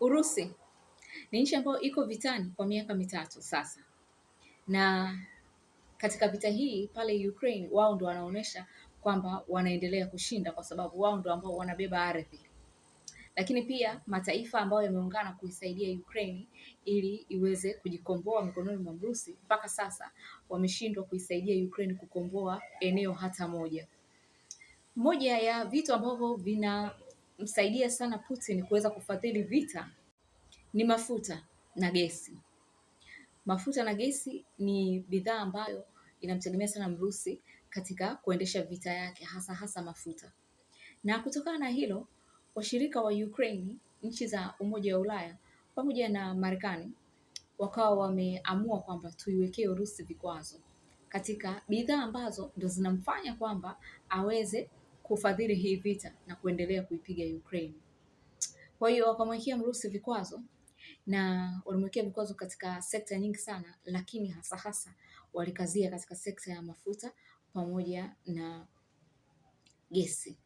Urusi ni nchi ambayo iko vitani kwa miaka mitatu sasa, na katika vita hii pale Ukraine wao ndo wanaonyesha kwamba wanaendelea kushinda kwa sababu wao ndo ambao wanabeba ardhi, lakini pia mataifa ambayo yameungana kuisaidia Ukraine ili iweze kujikomboa mikononi mwa Urusi, mpaka sasa wameshindwa kuisaidia Ukraine kukomboa eneo hata moja. Moja ya vitu ambavyo vina msaidia sana Putin kuweza kufadhili vita ni mafuta na gesi. Mafuta na gesi ni bidhaa ambayo inamtegemea sana Mrusi katika kuendesha vita yake, hasa hasa mafuta. Na kutokana na hilo, washirika wa Ukraine, nchi za Umoja wa Ulaya pamoja na Marekani wakawa wameamua kwamba tuiwekee Urusi vikwazo katika bidhaa ambazo ndo zinamfanya kwamba aweze kufadhili hii vita na kuendelea kuipiga Ukraine. Kwa hiyo wakamwekea Mrusi vikwazo na walimwekea vikwazo katika sekta nyingi sana, lakini hasa hasa walikazia katika sekta ya mafuta pamoja na gesi,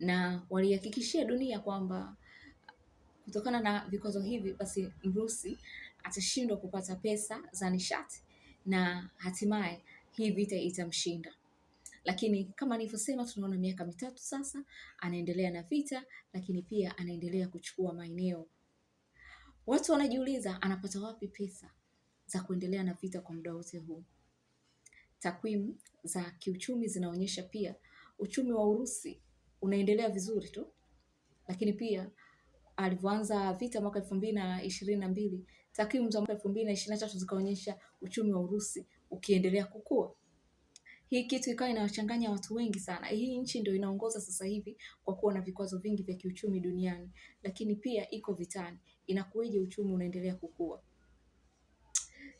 na walihakikishia dunia kwamba kutokana na vikwazo hivi, basi Mrusi atashindwa kupata pesa za nishati na hatimaye hii vita itamshinda. Lakini kama nilivyosema, tunaona miaka mitatu sasa anaendelea na vita, lakini pia anaendelea kuchukua maeneo. Watu wanajiuliza anapata wapi pesa za kuendelea na vita kwa muda wote huu. Takwimu za kiuchumi zinaonyesha pia uchumi wa Urusi unaendelea vizuri tu, lakini pia alivyoanza vita mwaka elfu mbili na ishirini na mbili takwimu za mwaka elfu mbili na ishirini na tatu zikaonyesha uchumi wa Urusi ukiendelea kukua. Hii kitu ikawa inawachanganya watu wengi sana. Hii nchi ndio inaongoza sasa hivi kwa kuwa na vikwazo vingi vya kiuchumi duniani, lakini pia iko vitani. Inakuwaje uchumi unaendelea kukua?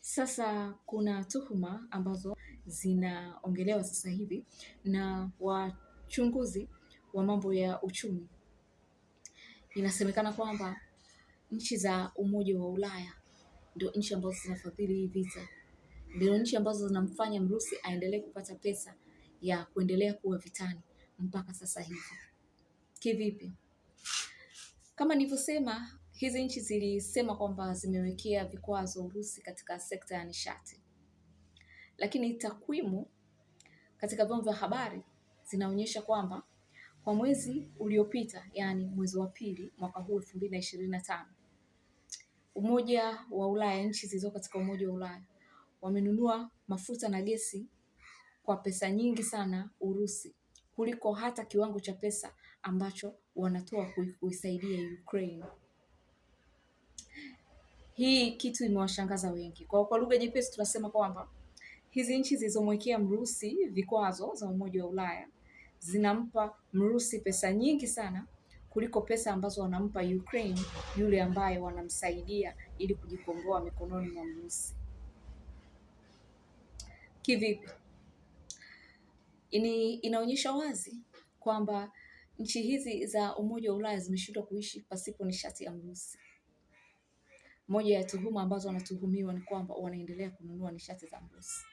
Sasa kuna tuhuma ambazo zinaongelewa sasa hivi na wachunguzi wa mambo ya uchumi. Inasemekana kwamba nchi za Umoja wa Ulaya ndio nchi ambazo zinafadhili hii vita nchi ambazo zinamfanya Mrusi aendelee kupata pesa ya kuendelea kuwa vitani mpaka sasa hivi. Kivipi? Kama nilivyosema, hizi nchi zilisema kwamba zimewekea vikwazo Urusi katika sekta ya nishati, lakini takwimu katika vyombo vya habari zinaonyesha kwamba kwa mwezi uliopita, yaani mwezi wa pili mwaka huu elfu mbili na ishirini na tano Umoja wa Ulaya, nchi zilizo katika Umoja wa Ulaya wamenunua mafuta na gesi kwa pesa nyingi sana Urusi kuliko hata kiwango cha pesa ambacho wanatoa kuisaidia Ukraine. Hii kitu imewashangaza wengi. Kwa kwa lugha nyepesi tunasema kwamba hizi nchi zilizomwekea Mrusi vikwazo za Umoja wa Ulaya zinampa Mrusi pesa nyingi sana kuliko pesa ambazo wanampa Ukraine yule ambaye wanamsaidia ili kujikomboa mikononi mwa Mrusi. Kivipi? Ini inaonyesha wazi kwamba nchi hizi za Umoja wa Ulaya zimeshindwa kuishi pasipo nishati ya Urusi. Moja ya tuhuma ambazo wanatuhumiwa ni kwamba wanaendelea kununua nishati za Urusi,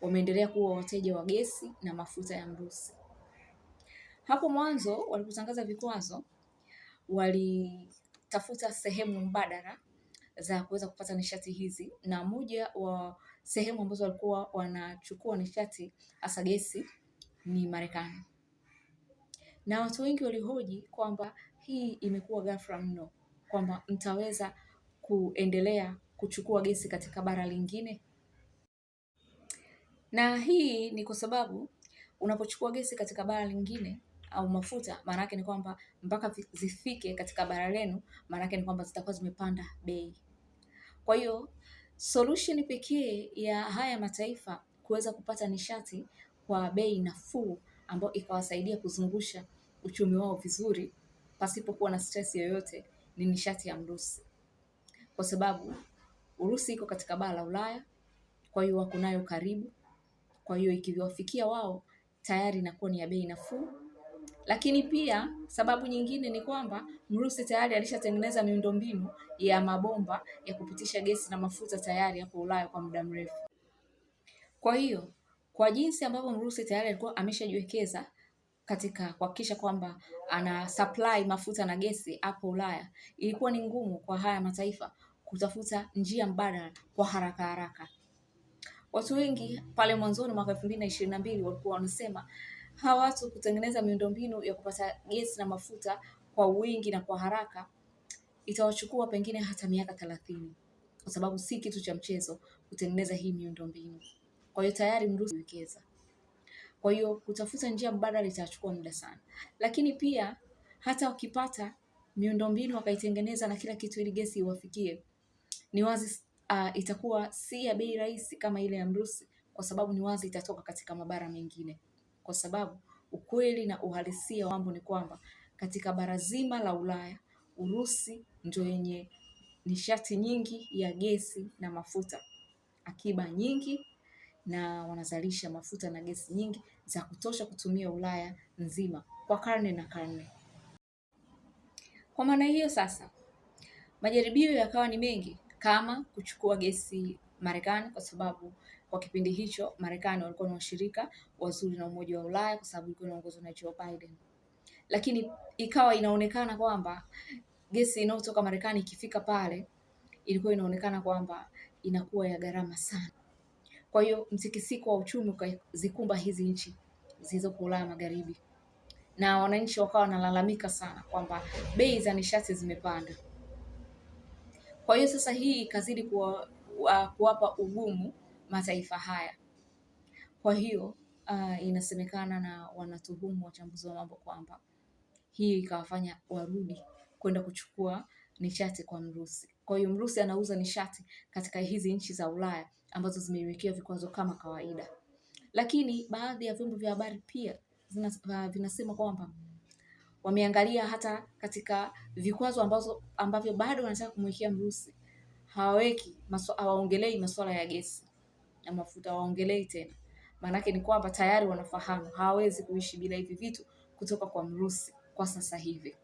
wameendelea kuwa wateja wa gesi na mafuta ya Urusi. Hapo mwanzo walipotangaza vikwazo, walitafuta sehemu mbadala za kuweza kupata nishati hizi, na moja wa sehemu ambazo walikuwa wanachukua nishati hasa gesi ni Marekani, na watu wengi walihoji kwamba hii imekuwa ghafla mno, kwamba mtaweza kuendelea kuchukua gesi katika bara lingine. Na hii ni kwa sababu unapochukua gesi katika bara lingine au mafuta, maana yake ni kwamba mpaka zifike katika bara lenu, maana yake ni kwamba zitakuwa zimepanda bei. Kwa hiyo Solusheni pekee ya haya mataifa kuweza kupata nishati kwa bei nafuu ambayo ikawasaidia kuzungusha uchumi wao vizuri pasipokuwa na stress yoyote ni nishati ya mrusi, kwa sababu Urusi iko katika bara la Ulaya, kwa hiyo wako nayo karibu. Kwa hiyo ikiwafikia wao tayari inakuwa ni ya bei nafuu lakini pia sababu nyingine ni kwamba Mrusi tayari alishatengeneza miundombinu ya mabomba ya kupitisha gesi na mafuta tayari hapo Ulaya kwa muda mrefu. Kwa hiyo kwa jinsi ambavyo Mrusi tayari alikuwa ameshajiwekeza katika kuhakikisha kwamba ana supply mafuta na gesi hapo Ulaya, ilikuwa ni ngumu kwa haya mataifa kutafuta njia mbadala kwa haraka haraka. Watu wengi pale mwanzoni mwaka elfu mbili na ishirini na mbili walikuwa wanasema hawa watu kutengeneza miundombinu ya kupata gesi na mafuta kwa wingi na kwa haraka itawachukua pengine hata miaka thelathini, kwa sababu si kitu cha mchezo kutengeneza hii miundombinu. Kwa hiyo tayari Mrusi amewekeza, kwa hiyo kutafuta njia mbadala itachukua muda sana, lakini pia hata wakipata miundombinu wakaitengeneza na kila kitu ili gesi iwafikie, ni wazi uh, itakuwa si ya bei rahisi kama ile ya Mrusi, kwa sababu ni wazi itatoka katika mabara mengine kwa sababu ukweli na uhalisia wa mambo ni kwamba katika bara zima la Ulaya Urusi ndio yenye nishati nyingi ya gesi na mafuta, akiba nyingi, na wanazalisha mafuta na gesi nyingi za kutosha kutumia Ulaya nzima kwa karne na karne. Kwa maana hiyo sasa, majaribio yakawa ni mengi, kama kuchukua gesi Marekani, kwa sababu kwa kipindi hicho Marekani walikuwa na washirika wazuri na Umoja wa Ulaya kwa sababu ilikuwa inaongozwa na Joe Biden, lakini ikawa inaonekana kwamba gesi inayotoka Marekani ikifika pale ilikuwa inaonekana kwamba inakuwa ya gharama sana. Kwa hiyo mtikisiko wa uchumi ukazikumba hizi nchi zilizoko Ulaya Magharibi, na wananchi wakawa wanalalamika sana kwamba bei za nishati zimepanda. Kwa hiyo sasa hii ikazidi kuwapa ugumu mataifa haya. Kwa hiyo uh, inasemekana na wanatuhumu wachambuzi wa mambo kwamba hii ikawafanya warudi kwenda kuchukua nishati kwa Mrusi. Kwa hiyo Mrusi anauza nishati katika hizi nchi za Ulaya ambazo zimewekewa vikwazo kama kawaida, lakini baadhi ya vyombo vya habari pia zina, uh, vinasema kwamba wameangalia hata katika vikwazo ambazo ambavyo bado wanataka kumwekea Mrusi hawaweki, hawaongelei masuala ya gesi na mafuta waongelei tena. Maanake ni kwamba tayari wanafahamu hawawezi kuishi bila hivi vitu kutoka kwa Mrusi kwa sasa hivi.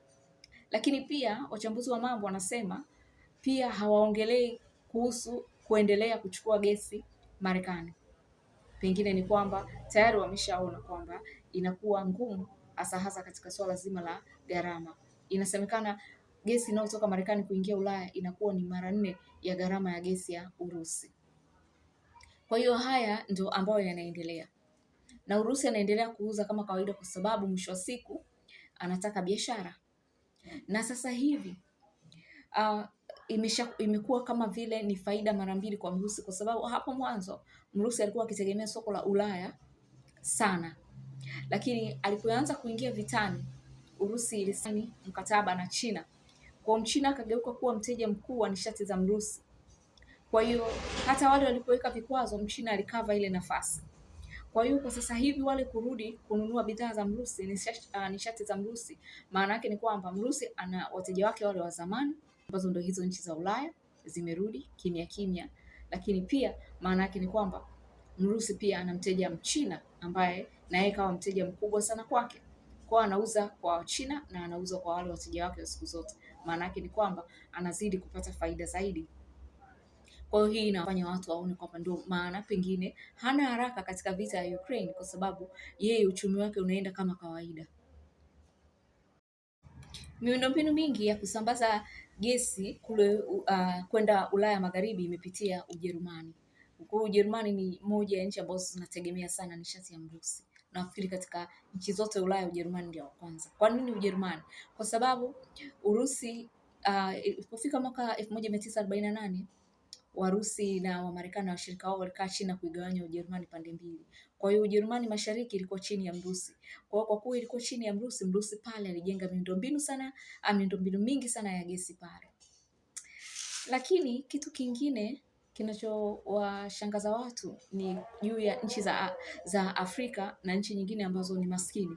Lakini pia wachambuzi wa mambo wanasema pia hawaongelei kuhusu kuendelea kuchukua gesi Marekani. Pengine ni kwamba tayari wameshaona kwamba inakuwa ngumu, hasa hasa katika swala zima la gharama. Inasemekana gesi inayotoka Marekani kuingia Ulaya inakuwa ni mara nne ya gharama ya gesi ya Urusi. Kwa hiyo haya ndio ambayo yanaendelea, na Urusi anaendelea kuuza kama kawaida, kwa sababu mwisho wa siku anataka biashara. Na sasa hivi uh, imekuwa kama vile ni faida mara mbili kwa Mrusi, kwa sababu hapo mwanzo Mrusi alikuwa akitegemea soko la Ulaya sana, lakini alipoanza kuingia vitani, Urusi ilisaini mkataba na China, kwa Mchina akageuka kuwa mteja mkuu wa nishati za Mrusi. Kwa hiyo hata wale walipoweka vikwazo, mchina alikava ile nafasi. Kwa hiyo kwa sasa hivi wale kurudi kununua bidhaa za mrusi ni uh, ah, nishati za mrusi, maana yake ni kwamba mrusi ana wateja wake wale wa zamani, ambazo ndio hizo nchi za Ulaya zimerudi kimya kimya, lakini pia maana yake ni kwamba mrusi pia ana mteja mchina ambaye na yeye kawa mteja mkubwa sana kwake, kwa anauza kwa China na anauza kwa wale wateja wake siku zote. Maana yake ni kwamba anazidi kupata faida zaidi kwa hiyo hii inafanya watu waone kwamba ndio maana pengine hana haraka katika vita ya Ukraine kwa sababu yeye uchumi wake unaenda kama kawaida. Miundombinu mingi ya kusambaza gesi kule uh, kwenda Ulaya Magharibi imepitia Ujerumani. Kwa Ujerumani ni moja ya nchi ambazo zinategemea sana nishati ya mrusi. Nafikiri katika nchi zote Ulaya Ujerumani ndio wa kwanza. Kwa nini Ujerumani? Kwa sababu Urusi uh, ilipofika uh, mwaka elfu moja mia tisa arobaini na nane Warusi na Wamarekani na washirika wao walikaa chini na kuigawanya Ujerumani pande mbili. Kwa hiyo Ujerumani mashariki ilikuwa chini ya Mrusi. Kwa hiyo kwa kuwa ilikuwa chini ya Mrusi, Mrusi pale alijenga miundombinu sana, ah, miundombinu mingi sana ya gesi pale. Lakini kitu kingine kinachowashangaza watu ni juu ya nchi za, za Afrika na nchi nyingine ambazo ni maskini.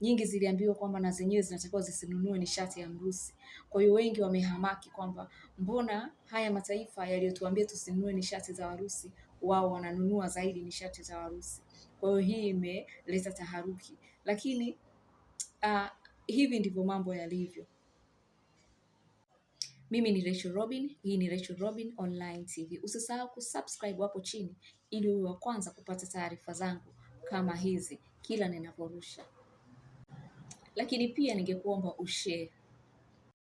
Nyingi ziliambiwa kwamba na zenyewe zinatakiwa zisinunue nishati ya mrusi. Kwa hiyo wengi wamehamaki kwamba mbona haya mataifa yaliyotuambia tusinunue nishati za Warusi, wao wananunua zaidi nishati za Warusi. Kwa hiyo hii imeleta taharuki, lakini uh, hivi ndivyo mambo yalivyo. Mimi ni Rachel Robin, hii ni Rachel Robin Online TV. Usisahau kusubscribe hapo chini ili uwe wa kwanza kupata taarifa zangu kama hizi kila ninaporusha lakini pia ningekuomba ushare